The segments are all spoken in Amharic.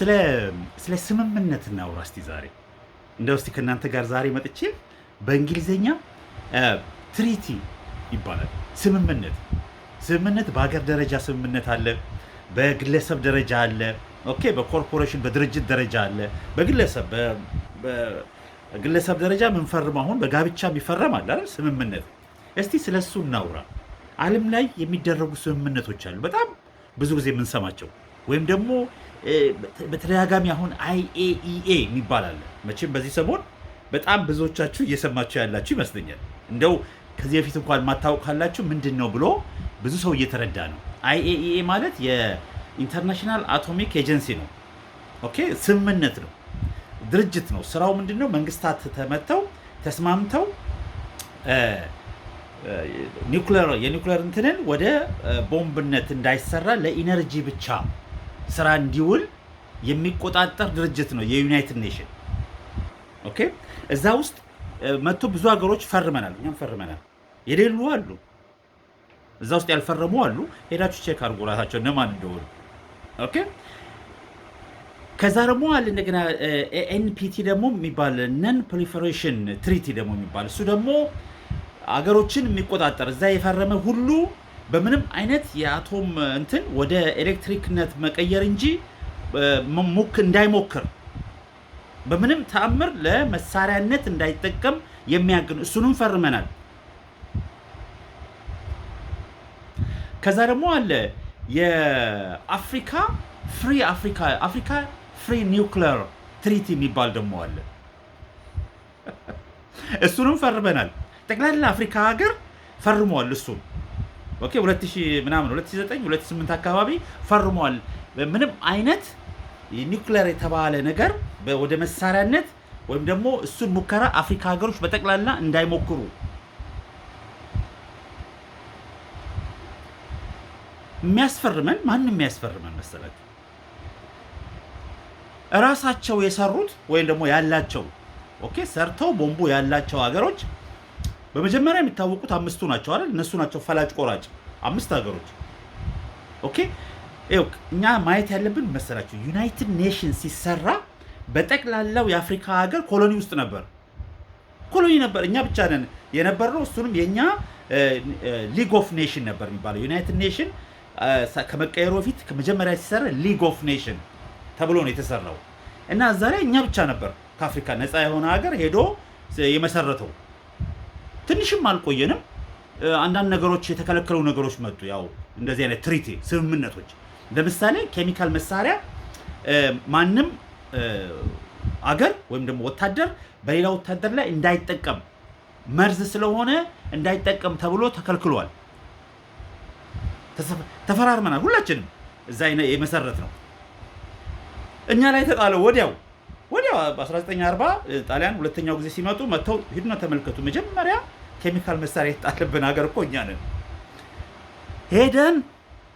ስለ ስምምነት እናውራ እስቲ ዛሬ እንደው እስቲ ከእናንተ ጋር ዛሬ መጥቼ በእንግሊዝኛ ትሪቲ ይባላል ስምምነት። ስምምነት በሀገር ደረጃ ስምምነት አለ፣ በግለሰብ ደረጃ አለ፣ ኦኬ፣ በኮርፖሬሽን በድርጅት ደረጃ አለ። በግለሰብ በግለሰብ ደረጃ ምንፈርም አሁን በጋብቻ የሚፈረም አለ አይደል ስምምነት። እስቲ ስለ እሱ እናውራ። አለም ላይ የሚደረጉ ስምምነቶች አሉ፣ በጣም ብዙ ጊዜ የምንሰማቸው ወይም ደግሞ በተደጋጋሚ አሁን አይኤኢኤ የሚባል አለ። መቼም በዚህ ሰሞን በጣም ብዙዎቻችሁ እየሰማችሁ ያላችሁ ይመስለኛል። እንደው ከዚህ በፊት እንኳን ማታወቅ ካላችሁ ምንድን ነው ብሎ ብዙ ሰው እየተረዳ ነው። አይኤኢኤ ማለት የኢንተርናሽናል አቶሚክ ኤጀንሲ ነው። ኦኬ ስምምነት ነው፣ ድርጅት ነው። ስራው ምንድን ነው? መንግስታት ተመተው ተስማምተው የኒውክለር እንትንን ወደ ቦምብነት እንዳይሰራ ለኢነርጂ ብቻ ስራ እንዲውል የሚቆጣጠር ድርጅት ነው የዩናይትድ ኔሽን። ኦኬ እዛ ውስጥ መጥቶ ብዙ ሀገሮች ፈርመናል፣ እኛም ፈርመናል። የሌሉ አሉ፣ እዛ ውስጥ ያልፈረሙ አሉ። ሄዳችሁ ቼክ አድርጉ ራሳቸው እነማን እንደሆኑ። ኦኬ ከዛ ደግሞ አለ እንደገና ኤንፒቲ ደግሞ የሚባል ነን ፕሪፈሬሽን ትሪቲ ደግሞ የሚባል እሱ ደግሞ አገሮችን የሚቆጣጠር እዛ የፈረመ ሁሉ በምንም አይነት የአቶም እንትን ወደ ኤሌክትሪክነት መቀየር እንጂ እንዳይሞክር በምንም ተአምር ለመሳሪያነት እንዳይጠቀም የሚያግን እሱንም ፈርመናል። ከዛ ደግሞ አለ የአፍሪካ ፍሪ አፍሪካ አፍሪካ ፍሪ ኒውክሊየር ትሪቲ የሚባል ደግሞ አለ። እሱንም ፈርመናል። ጠቅላላ አፍሪካ ሀገር ፈርመዋል እሱም ኦኬ 2000 ምናምን 2009 2008 አካባቢ ፈርሟል። ምንም አይነት ኒውክሌር የተባለ ነገር ወደ መሳሪያነት ወይም ደግሞ እሱን ሙከራ አፍሪካ ሀገሮች በጠቅላላ እንዳይሞክሩ የሚያስፈርመን ማንም የሚያስፈርመን መሰላችሁ እራሳቸው የሰሩት ወይም ደግሞ ያላቸው ኦኬ ሰርተው ቦምቡ ያላቸው ሀገሮች በመጀመሪያ የሚታወቁት አምስቱ ናቸው አይደል? እነሱ ናቸው ፈላጭ ቆራጭ አምስት ሀገሮች። ኦኬ እኛ ማየት ያለብን መሰላቸው ዩናይትድ ኔሽንስ ሲሰራ በጠቅላላው የአፍሪካ ሀገር ኮሎኒ ውስጥ ነበር። ኮሎኒ ነበር። እኛ ብቻ ነን የነበርነው። እሱንም የእኛ ሊግ ኦፍ ኔሽን ነበር የሚባለው። ዩናይትድ ኔሽን ከመቀየሩ በፊት ከመጀመሪያ ሲሰራ ሊግ ኦፍ ኔሽን ተብሎ ነው የተሰራው እና እዛ ላይ እኛ ብቻ ነበር ከአፍሪካ ነፃ የሆነ ሀገር ሄዶ የመሰረተው ትንሽም አልቆየንም። አንዳንድ ነገሮች የተከለከሉ ነገሮች መጡ። ያው እንደዚህ አይነት ትሪቲ ስምምነቶች፣ ለምሳሌ ኬሚካል መሳሪያ ማንም አገር ወይም ደግሞ ወታደር በሌላ ወታደር ላይ እንዳይጠቀም መርዝ ስለሆነ እንዳይጠቀም ተብሎ ተከልክሏል። ተፈራርመናል። ሁላችንም እዛ የመሰረት ነው። እኛ ላይ ተጣለው ወዲያው ወዲያው 1940 ጣሊያን ሁለተኛው ጊዜ ሲመጡ መጥተው ሂዱና ተመልከቱ መጀመሪያ ኬሚካል መሳሪያ የጣለብን ሀገር እኮ እኛ ነን። ሄደን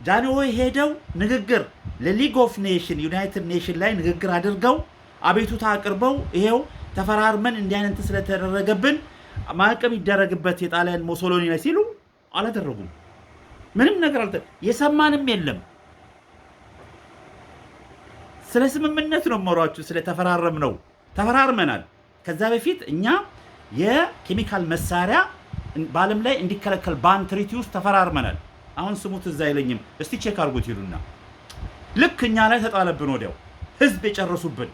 ጃንሆይ ሄደው ንግግር ለሊግ ኦፍ ኔሽን ዩናይትድ ኔሽን ላይ ንግግር አድርገው አቤቱታ አቅርበው ይሄው ተፈራርመን እንዲህ አይነት ስለተደረገብን ማዕቀብ ይደረግበት የጣሊያን ሞሶሎኒ ላይ ሲሉ አላደረጉም። ምንም ነገር አልተ የሰማንም የለም። ስለ ስምምነት ነው መሯችሁ፣ ስለተፈራረም ነው ተፈራርመናል። ከዛ በፊት እኛ የኬሚካል መሳሪያ በዓለም ላይ እንዲከለከል ባን ትሪቲ ውስጥ ተፈራርመናል። አሁን ስሙት እዛ አይለኝም፣ እስቲ ቼክ አድርጉት ይሉና ልክ እኛ ላይ ተጣለብን። ወዲያው ህዝብ የጨረሱብን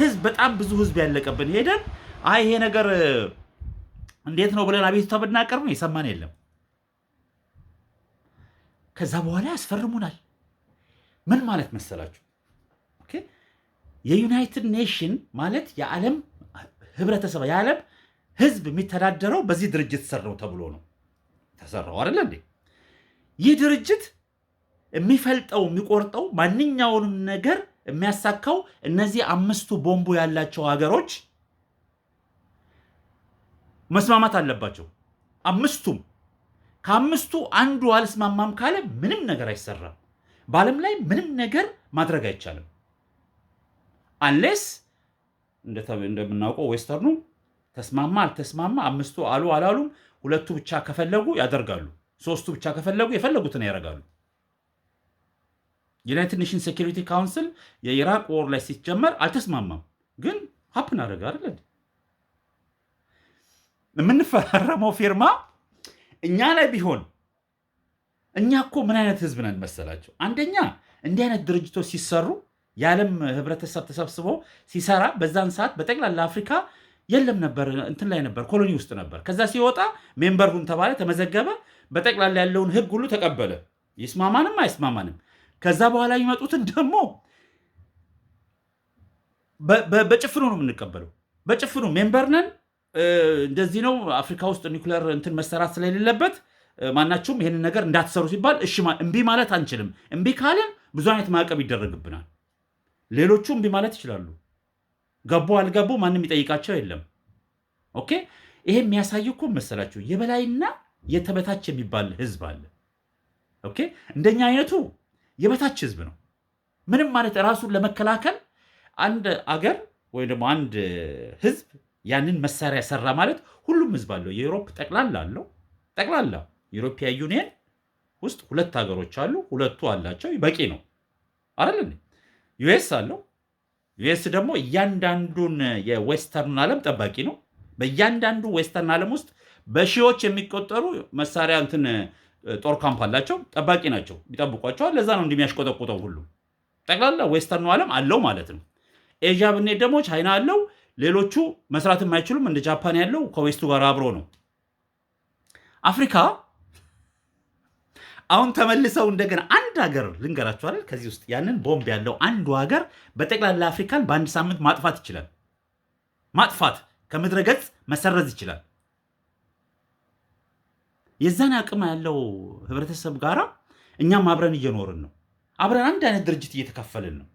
ህዝብ በጣም ብዙ ህዝብ ያለቀብን። ሄደን አይ ይሄ ነገር እንዴት ነው ብለን አቤቱታ ብናቀርብ ነው የሰማን የለም። ከዛ በኋላ ያስፈርሙናል። ምን ማለት መሰላችሁ? የዩናይትድ ኔሽን ማለት የዓለም ህብረተሰብ የዓለም ህዝብ የሚተዳደረው በዚህ ድርጅት ስር ነው ተብሎ ነው ተሰራው አይደለ እንዴ? ይህ ድርጅት የሚፈልጠው የሚቆርጠው ማንኛውንም ነገር የሚያሳካው እነዚህ አምስቱ ቦምቡ ያላቸው ሀገሮች መስማማት አለባቸው። አምስቱም ከአምስቱ አንዱ አልስማማም ካለ ምንም ነገር አይሰራም። በዓለም ላይ ምንም ነገር ማድረግ አይቻልም። አንሌስ እንደምናውቀው ዌስተርኑ ተስማማ አልተስማማ፣ አምስቱ አሉ አላሉም፣ ሁለቱ ብቻ ከፈለጉ ያደርጋሉ፣ ሶስቱ ብቻ ከፈለጉ የፈለጉትን ያደርጋሉ። ዩናይትድ ኔሽን ሴኪሪቲ ካውንስል የኢራቅ ወር ላይ ሲጀመር አልተስማማም፣ ግን ሀፕን አደረገ አይደል? የምንፈራረመው ፊርማ እኛ ላይ ቢሆን እኛ እኮ ምን አይነት ህዝብ ነን መሰላቸው? አንደኛ እንዲህ አይነት ድርጅቶች ሲሰሩ የዓለም ህብረተሰብ ተሰብስቦ ሲሰራ በዛን ሰዓት በጠቅላላ አፍሪካ የለም ነበር እንትን ላይ ነበር፣ ኮሎኒ ውስጥ ነበር። ከዛ ሲወጣ ሜምበር ሁን ተባለ፣ ተመዘገበ። በጠቅላላ ያለውን ህግ ሁሉ ተቀበለ፣ ይስማማንም አይስማማንም። ከዛ በኋላ የሚመጡትን ደግሞ በጭፍኑ ነው የምንቀበለው፣ በጭፍኑ ሜምበር ነን። እንደዚህ ነው አፍሪካ ውስጥ ኒውክሌር እንትን መሰራት ስለሌለበት ማናችሁም ይህንን ነገር እንዳትሰሩ ሲባል እሺ እምቢ ማለት አንችልም። እምቢ ካልን ብዙ አይነት ማዕቀብ ይደረግብናል። ሌሎቹ እምቢ ማለት ይችላሉ። ገቡ አልገቡ ማንም ይጠይቃቸው የለም። ኦኬ ይሄ የሚያሳይ እኮ መሰላችሁ የበላይና የተበታች የሚባል ህዝብ አለ። ኦኬ እንደኛ አይነቱ የበታች ህዝብ ነው። ምንም ማለት ራሱን ለመከላከል አንድ አገር ወይም ደግሞ አንድ ህዝብ ያንን መሳሪያ ሰራ ማለት ሁሉም ህዝብ አለው። የዩሮፕ ጠቅላላ አለው። ጠቅላላ ዩሮፒያ ዩኒየን ውስጥ ሁለት ሀገሮች አሉ። ሁለቱ አላቸው፣ በቂ ነው አይደል? ዩኤስ አለው ዩኤስ ደግሞ እያንዳንዱን የዌስተርን ዓለም ጠባቂ ነው። በእያንዳንዱ ዌስተርን ዓለም ውስጥ በሺዎች የሚቆጠሩ መሳሪያ እንትን ጦር ካምፕ አላቸው፣ ጠባቂ ናቸው፣ ይጠብቋቸዋል። ለዛ ነው እንደሚያሽቆጠቁጠው ሁሉ ጠቅላላ ዌስተርኑ ዓለም አለው ማለት ነው። ኤዥያ ብንሄድ ደግሞ ቻይና አለው። ሌሎቹ መስራት የማይችሉም እንደ ጃፓን ያለው ከዌስቱ ጋር አብሮ ነው። አፍሪካ አሁን ተመልሰው እንደገና አንድ ሀገር ልንገራችሁ አይደል፣ ከዚህ ውስጥ ያንን ቦምብ ያለው አንዱ ሀገር በጠቅላላ አፍሪካን በአንድ ሳምንት ማጥፋት ይችላል። ማጥፋት ከምድረ ገጽ መሰረዝ ይችላል። የዛን አቅም ያለው ህብረተሰብ ጋር እኛም አብረን እየኖርን ነው። አብረን አንድ አይነት ድርጅት እየተከፈልን ነው።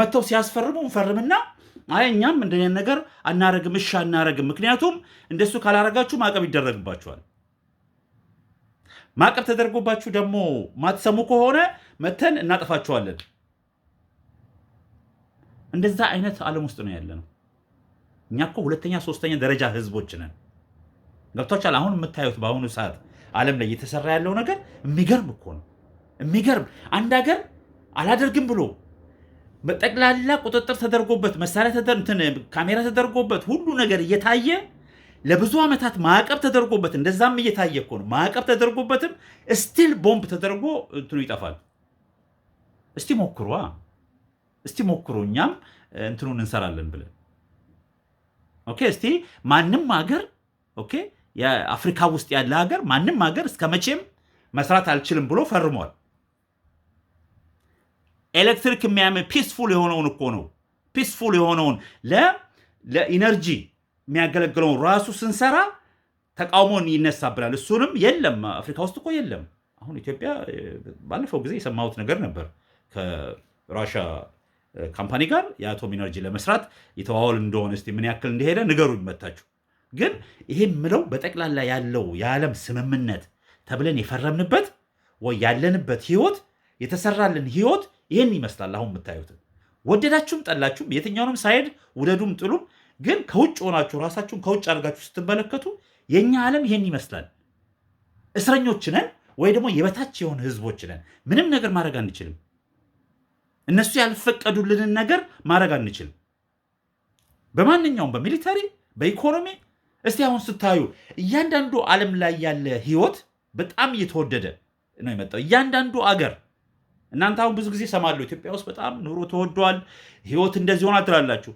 መጥተው ሲያስፈርሙ እንፈርምና አይ እኛም እንደኔን ነገር አናረግም፣ እሺ አናረግም፣ ምክንያቱም እንደሱ ካላረጋችሁ ማዕቀብ ይደረግባችኋል ማዕቀብ ተደርጎባችሁ ደግሞ ማትሰሙ ከሆነ መተን እናጠፋችኋለን። እንደዛ አይነት ዓለም ውስጥ ነው ያለ ነው። እኛ እኮ ሁለተኛ ሶስተኛ ደረጃ ህዝቦች ነን። ገብቷችኋል? አሁን የምታዩት በአሁኑ ሰዓት ዓለም ላይ እየተሰራ ያለው ነገር የሚገርም እኮ ነው። የሚገርም አንድ ሀገር አላደርግም ብሎ በጠቅላላ ቁጥጥር ተደርጎበት መሳሪያ ካሜራ ተደርጎበት ሁሉ ነገር እየታየ ለብዙ ዓመታት ማዕቀብ ተደርጎበት እንደዛም እየታየ እኮ ነው። ማዕቀብ ተደርጎበትም ስቲል ቦምብ ተደርጎ እንትኑ ይጠፋል። እስቲ ሞክሯ፣ እስቲ ሞክሩ፣ እኛም እንትኑን እንሰራለን ብለን ኦኬ። እስቲ ማንም ሀገር ኦኬ፣ የአፍሪካ ውስጥ ያለ ሀገር ማንም ሀገር እስከ መቼም መስራት አልችልም ብሎ ፈርሟል። ኤሌክትሪክ የሚያምን ፒስፉል የሆነውን እኮ ነው ፒስፉል የሆነውን ለኢነርጂ የሚያገለግለውን ራሱ ስንሰራ ተቃውሞን ይነሳብናል። እሱንም የለም አፍሪካ ውስጥ እኮ የለም። አሁን ኢትዮጵያ ባለፈው ጊዜ የሰማሁት ነገር ነበር ከራሻ ካምፓኒ ጋር የአቶም ኢነርጂ ለመስራት የተዋወል እንደሆነ እስኪ ምን ያክል እንደሄደ ንገሩ ይመታችሁ ግን ይሄ ምለው በጠቅላላ ያለው የዓለም ስምምነት ተብለን የፈረምንበት ወይ ያለንበት ህይወት የተሰራልን ህይወት ይህን ይመስላል። አሁን የምታዩትን ወደዳችሁም ጠላችሁም የትኛውንም ሳይድ ውደዱም ጥሉም ግን ከውጭ ሆናችሁ ራሳችሁን ከውጭ አድርጋችሁ ስትመለከቱ የእኛ ዓለም ይሄን ይመስላል። እስረኞች ነን ወይ ደግሞ የበታች የሆነ ህዝቦች ነን። ምንም ነገር ማድረግ አንችልም። እነሱ ያልፈቀዱልንን ነገር ማድረግ አንችልም። በማንኛውም በሚሊተሪ በኢኮኖሚ እስቲ አሁን ስታዩ እያንዳንዱ ዓለም ላይ ያለ ህይወት በጣም እየተወደደ ነው የመጣው። እያንዳንዱ አገር እናንተ አሁን ብዙ ጊዜ ሰማለሁ ኢትዮጵያ ውስጥ በጣም ኑሮ ተወዷል፣ ህይወት እንደዚህ ሆና ትላላችሁ።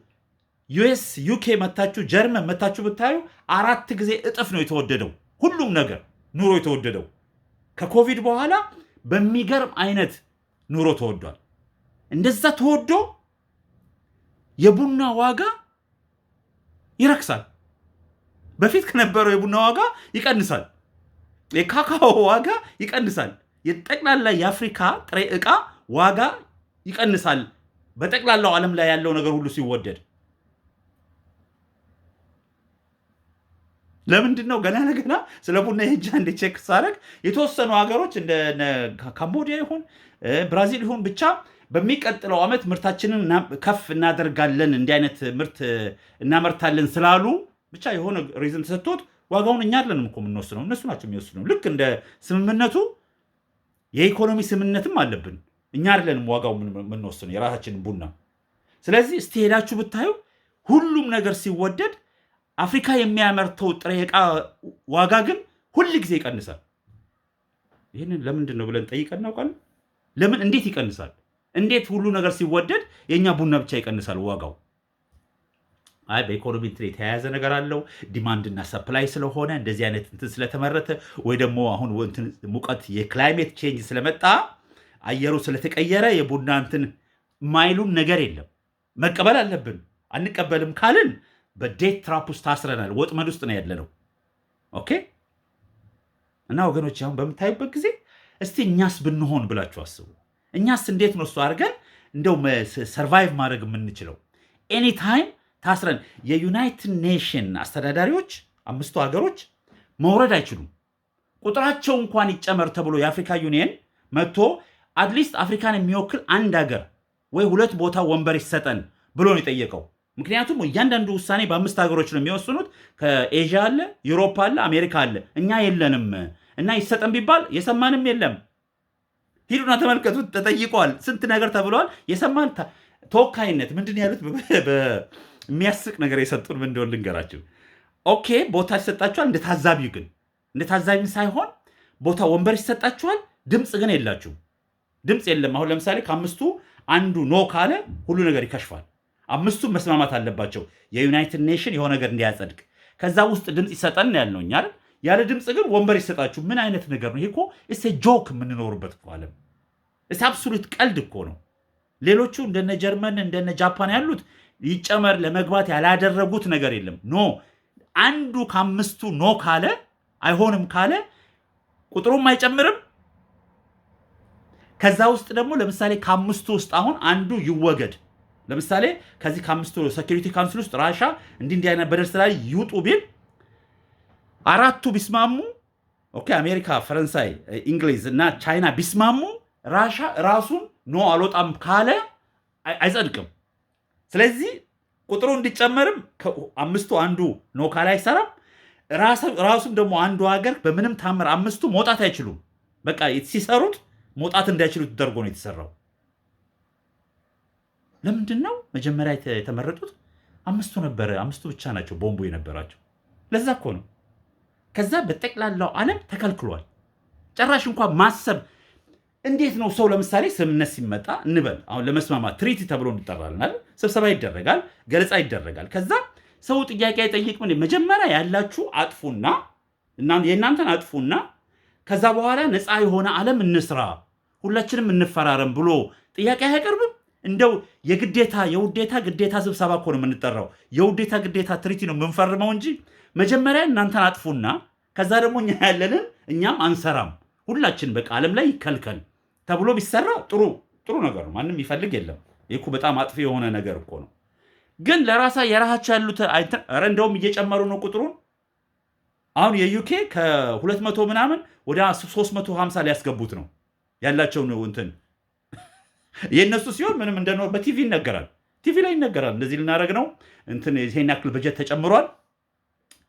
ዩኤስ ዩኬ መታችሁ ጀርመን መታችሁ ብታዩ አራት ጊዜ እጥፍ ነው የተወደደው። ሁሉም ነገር ኑሮ የተወደደው ከኮቪድ በኋላ በሚገርም አይነት ኑሮ ተወዷል። እንደዛ ተወዶ የቡና ዋጋ ይረክሳል። በፊት ከነበረው የቡና ዋጋ ይቀንሳል። የካካዎ ዋጋ ይቀንሳል። የጠቅላላ የአፍሪካ ጥሬ ዕቃ ዋጋ ይቀንሳል። በጠቅላላው ዓለም ላይ ያለው ነገር ሁሉ ሲወደድ ለምንድን ነው ገና ለገና ስለ ቡና ሄጃ እንደ ቼክ ሳደርግ የተወሰኑ ሀገሮች እንደ ካምቦዲያ ይሁን ብራዚል ይሁን ብቻ በሚቀጥለው ዓመት ምርታችንን ከፍ እናደርጋለን እንዲህ አይነት ምርት እናመርታለን ስላሉ ብቻ የሆነ ሪዝን ተሰጥቶት ዋጋውን እኛ አለንም እኮ የምንወስነው እነሱ ናቸው የሚወስነው። ልክ እንደ ስምምነቱ የኢኮኖሚ ስምምነትም አለብን እኛ አለንም ዋጋው የምንወስነው የራሳችንን ቡና። ስለዚህ እስቲ ሄዳችሁ ብታዩ ሁሉም ነገር ሲወደድ አፍሪካ የሚያመርተው ጥሬ እቃ ዋጋ ግን ሁል ጊዜ ይቀንሳል። ይህንን ለምንድን ነው ብለን ጠይቀን እናውቃለን? ለምን እንዴት ይቀንሳል? እንዴት ሁሉ ነገር ሲወደድ የእኛ ቡና ብቻ ይቀንሳል ዋጋው? አይ በኢኮኖሚ እንትን የተያያዘ ነገር አለው። ዲማንድና ሰፕላይ ስለሆነ እንደዚህ አይነት እንትን ስለተመረተ ወይ ደግሞ አሁን ሙቀት የክላይሜት ቼንጅ ስለመጣ አየሩ ስለተቀየረ የቡና እንትን ማይሉን ነገር የለም። መቀበል አለብን። አንቀበልም ካልን በዴት ትራፕ ውስጥ ታስረናል። ወጥመድ ውስጥ ነው ያለነው። ኦኬ እና ወገኖች አሁን በምታዩበት ጊዜ እስቲ እኛስ ብንሆን ብላችሁ አስቡ። እኛስ እንዴት ነው እሱ አድርገን እንደው ሰርቫይቭ ማድረግ የምንችለው? ኤኒታይም ታስረን የዩናይትድ ኔሽን አስተዳዳሪዎች አምስቱ ሀገሮች መውረድ አይችሉም። ቁጥራቸው እንኳን ይጨመር ተብሎ የአፍሪካ ዩኒየን መጥቶ አትሊስት አፍሪካን የሚወክል አንድ ሀገር ወይ ሁለት ቦታ ወንበር ይሰጠን ብሎ ነው የጠየቀው። ምክንያቱም እያንዳንዱ ውሳኔ በአምስት ሀገሮች ነው የሚወስኑት። ከኤዥያ አለ፣ ዩሮፓ አለ፣ አሜሪካ አለ። እኛ የለንም እና ይሰጠን ቢባል የሰማንም የለም። ሂዱና ተመልከቱት። ተጠይቋል። ስንት ነገር ተብለዋል። የሰማን ተወካይነት ምንድን ያሉት የሚያስቅ ነገር የሰጡን ምን እንደሆነ ልንገራችሁ። ኦኬ ቦታ ይሰጣችኋል፣ እንደ ታዛቢ ግን እንደ ታዛቢ ሳይሆን ቦታ ወንበር ይሰጣችኋል፣ ድምፅ ግን የላችሁ። ድምፅ የለም። አሁን ለምሳሌ ከአምስቱ አንዱ ኖ ካለ ሁሉ ነገር ይከሽፋል። አምስቱም መስማማት አለባቸው የዩናይትድ ኔሽን የሆነ ነገር እንዲያጸድቅ። ከዛ ውስጥ ድምፅ ይሰጠን ያልነው እኛ አይደል? ያለ ድምፅ ግን ወንበር ይሰጣችሁ። ምን አይነት ነገር ነው ይሄ? እኮ እስ ጆክ የምንኖርበት እኮ እስ አብሶሉት ቀልድ እኮ ነው። ሌሎቹ እንደነ ጀርመን እንደነ ጃፓን ያሉት ይጨመር ለመግባት ያላደረጉት ነገር የለም። ኖ አንዱ ከአምስቱ ኖ ካለ አይሆንም ካለ ቁጥሩም አይጨምርም። ከዛ ውስጥ ደግሞ ለምሳሌ ከአምስቱ ውስጥ አሁን አንዱ ይወገድ ለምሳሌ ከዚህ ከአምስቱ ሴኪሪቲ ካውንስል ውስጥ ራሻ እንዲህ እንዲህ አይነት በደል ስላለ ይውጡ ቢል አራቱ ቢስማሙ ኦኬ፣ አሜሪካ፣ ፈረንሳይ፣ እንግሊዝ እና ቻይና ቢስማሙ ራሻ ራሱን ኖ አልወጣም ካለ አይጸድቅም። ስለዚህ ቁጥሩ እንዲጨመርም አምስቱ አንዱ ኖ ካለ አይሰራም። ራሱም ደግሞ አንዱ ሀገር በምንም ታምር አምስቱ መውጣት አይችሉም። በቃ ሲሰሩት መውጣት እንዳይችሉ ተደርጎ ነው የተሰራው። ለምንድን ነው መጀመሪያ የተመረጡት? አምስቱ ነበረ፣ አምስቱ ብቻ ናቸው ቦምቡ የነበራቸው። ለዛ እኮ ነው። ከዛ በጠቅላላው ዓለም ተከልክሏል። ጭራሽ እንኳን ማሰብ እንዴት ነው ሰው ለምሳሌ ስምምነት ሲመጣ እንበል አሁን ለመስማማት ትሪቲ ተብሎ እንጠራልናል። ስብሰባ ይደረጋል፣ ገለጻ ይደረጋል። ከዛ ሰው ጥያቄ አይጠይቅም። መጀመሪያ ያላችሁ አጥፉና የእናንተን አጥፉና ከዛ በኋላ ነፃ የሆነ ዓለም እንስራ ሁላችንም እንፈራረም ብሎ ጥያቄ አያቀርብም። እንደው የግዴታ የውዴታ ግዴታ ስብሰባ እኮ ነው የምንጠራው። የውዴታ ግዴታ ትሪቲ ነው የምንፈርመው እንጂ መጀመሪያ እናንተን አጥፉና ከዛ ደግሞ እኛ ያለንን እኛም አንሰራም ሁላችን በቃ ዓለም ላይ ይከልከል ተብሎ ቢሰራ ጥሩ ጥሩ ነገር ነው። ማንም ይፈልግ የለም። ይህ በጣም አጥፊ የሆነ ነገር እኮ ነው። ግን ለራሳ የራሃቸው ያሉት እንደውም እየጨመሩ ነው ቁጥሩን። አሁን የዩኬ ከሁለት መቶ ምናምን ወደ 350 ሊያስገቡት ነው ያላቸውን እንትን የእነሱ ሲሆን ምንም እንደኖር በቲቪ ይነገራል። ቲቪ ላይ ይነገራል። እንደዚህ ልናደረግ ነው እንትን ይሄን ያክል በጀት ተጨምሯል።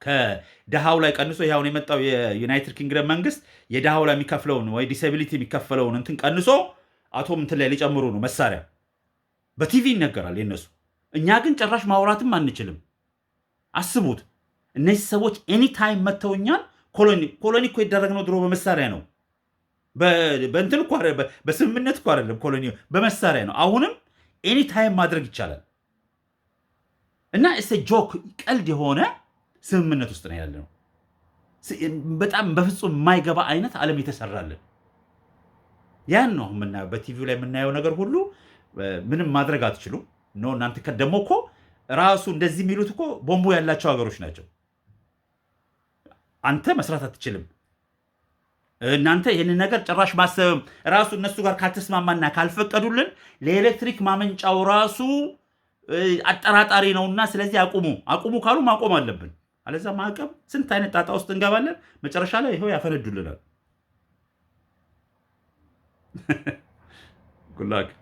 ከድሃው ላይ ቀንሶ ሁን የመጣው የዩናይትድ ኪንግደም መንግስት የድሃው ላይ የሚከፍለውን ወይ ዲስቢሊቲ የሚከፍለውን እንትን ቀንሶ አቶም እንትን ላይ ሊጨምሩ ነው መሳሪያ በቲቪ ይነገራል የእነሱ እኛ ግን ጭራሽ ማውራትም አንችልም። አስቡት እነዚህ ሰዎች ኤኒታይም መጥተውኛል። ኮሎኒ ኮሎኒ እኮ የደረግነው ድሮ በመሳሪያ ነው። በእንትን እኮ በስምምነት እኮ አይደለም፣ ኮሎኒ በመሳሪያ ነው። አሁንም ኤኒ ታይም ማድረግ ይቻላል። እና እስተ ጆክ ቀልድ የሆነ ስምምነት ውስጥ ነው ያለ ነው። በጣም በፍጹም የማይገባ አይነት ዓለም የተሰራለን ያን ነው ምና በቲቪው ላይ የምናየው ነገር ሁሉ ምንም ማድረግ አትችሉም ኖ እናንተ ከደሞ እኮ ራሱ እንደዚህ የሚሉት እኮ ቦምቡ ያላቸው ሀገሮች ናቸው። አንተ መስራት አትችልም እናንተ ይህንን ነገር ጭራሽ ማሰብም ራሱ እነሱ ጋር ካልተስማማና ካልፈቀዱልን ለኤሌክትሪክ ማመንጫው ራሱ አጠራጣሪ ነውና፣ ስለዚህ አቁሙ አቁሙ ካሉ ማቆም አለብን። አለዛ ማዕቀብ ስንት አይነት ጣጣ ውስጥ እንገባለን። መጨረሻ ላይ ይኸው ያፈነዱልናል። ጉላክ